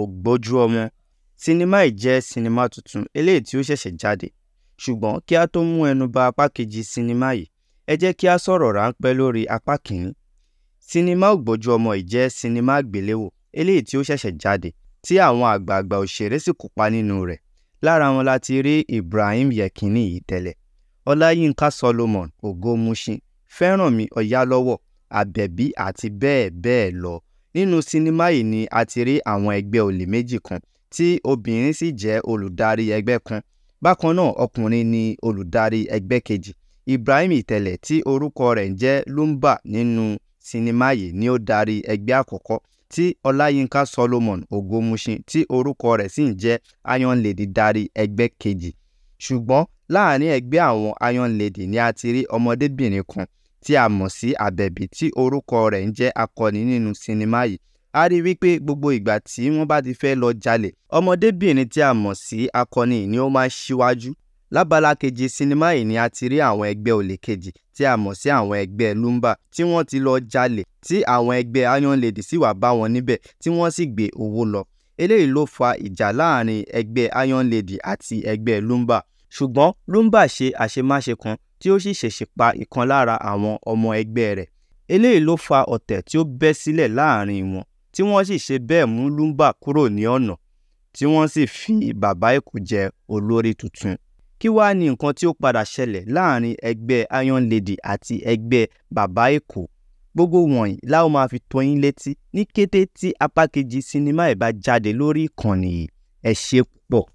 Ògbójú Ọmọ Sinimá yìí jẹ́ sinimá tuntun eléyìí tí ó ṣẹ̀ṣẹ̀ jáde, ṣùgbọ́n kí á tó mú ẹnu ba apá kejì sinimá yìí, ẹ jẹ́ kí á sọ̀rọ̀ ráńpẹ́ lórí apá kìíní. Sinimá Ògbójú Ọmọ yìí jẹ́ sinimá àgbéléwò eléyìí tí ó ṣẹ̀ṣẹ̀ jáde tí àwọn àgbààgbà òṣèré sì kópa nínú rẹ̀. Lára wọn la ti rí Ibrahim Yekini Ìtẹ̀lẹ̀, Ọláyínká Solomon Ògúnmúṣin, Fẹ́rànmi Ọ̀yálọ́wọ́, Àbẹ̀bí àti bẹ́ẹ̀ bẹ́ẹ̀ lọ. Nínú sinimá yìí ni a ti rí àwọn ẹgbẹ́ olè méjì kan tí obìnrin sì jẹ́ olùdarí ẹgbẹ́ kan, bákan náà ọkùnrin ni olùdarí ẹgbẹ́ kejì. Ibrahim Tele tí orúkọ rẹ̀ ń jẹ́ Lomba nínú sinimá yìí ni ó darí ẹgbẹ́ àkọ́kọ́, tí Ọláyínká Solomon Ògúnmúṣin tí orúkọ rẹ̀ sì ń jẹ́ Iron Lady darí ẹgbẹ́ kejì. Ṣùgbọ́n láàárín ẹgbẹ́ àwọn Iron Lady ni a ti rí ọmọdébìnrin kan tí a mọ̀ sí Àbẹ̀bí tí orúkọ rẹ̀ ń jẹ́ akọni nínú sinimá yìí a rí wípé gbogbo ìgbà tí wọ́n bá ti fẹ́ lọ jalè ọmọdébìnrin tí a mọ̀ sí akọni ni ó máa ń ṣíwájú lábala kejì sinimá yìí ni a ti rí àwọn ẹgbẹ́ olè kejì tí a mọ̀ sí àwọn ẹgbẹ́ lumba tí wọ́n ti lọ jalè tí àwọn ẹgbẹ́ iron lady sì wà bá wọn níbẹ̀ tí wọ́n sì gbé owó lọ eléyìí ló fa ìjà láàrin ẹgbẹ́ iron lady àti ẹgbẹ́ lumba ṣùgbọ́n lumba ṣe àṣemáṣe kan tí ó sì ṣèṣì pa ìkan lára àwọn ọmọ ẹgbẹ́ rẹ̀. eléyìí ló fa ọ̀tẹ̀ tí ó bẹ́ sílẹ̀ láàrin wọn tí wọ́n sì ṣe bẹ́ẹ̀ mú lumba kúrò ní ọ̀nà tí wọ́n sì fi bàbá èkó jẹ olórí tuntun. kí wàá ní nǹkan tí ó padà ṣẹlẹ̀ láàrin ẹgbẹ́ iron lady àti ẹgbẹ́ bàbá èkó gbogbo wọ̀nyí la ó máa fi tó yín létí ní kété tí apá kejì sinimá ẹ̀ bá jáde lórí ìkànnì yìí ẹ ṣé púpọ̀.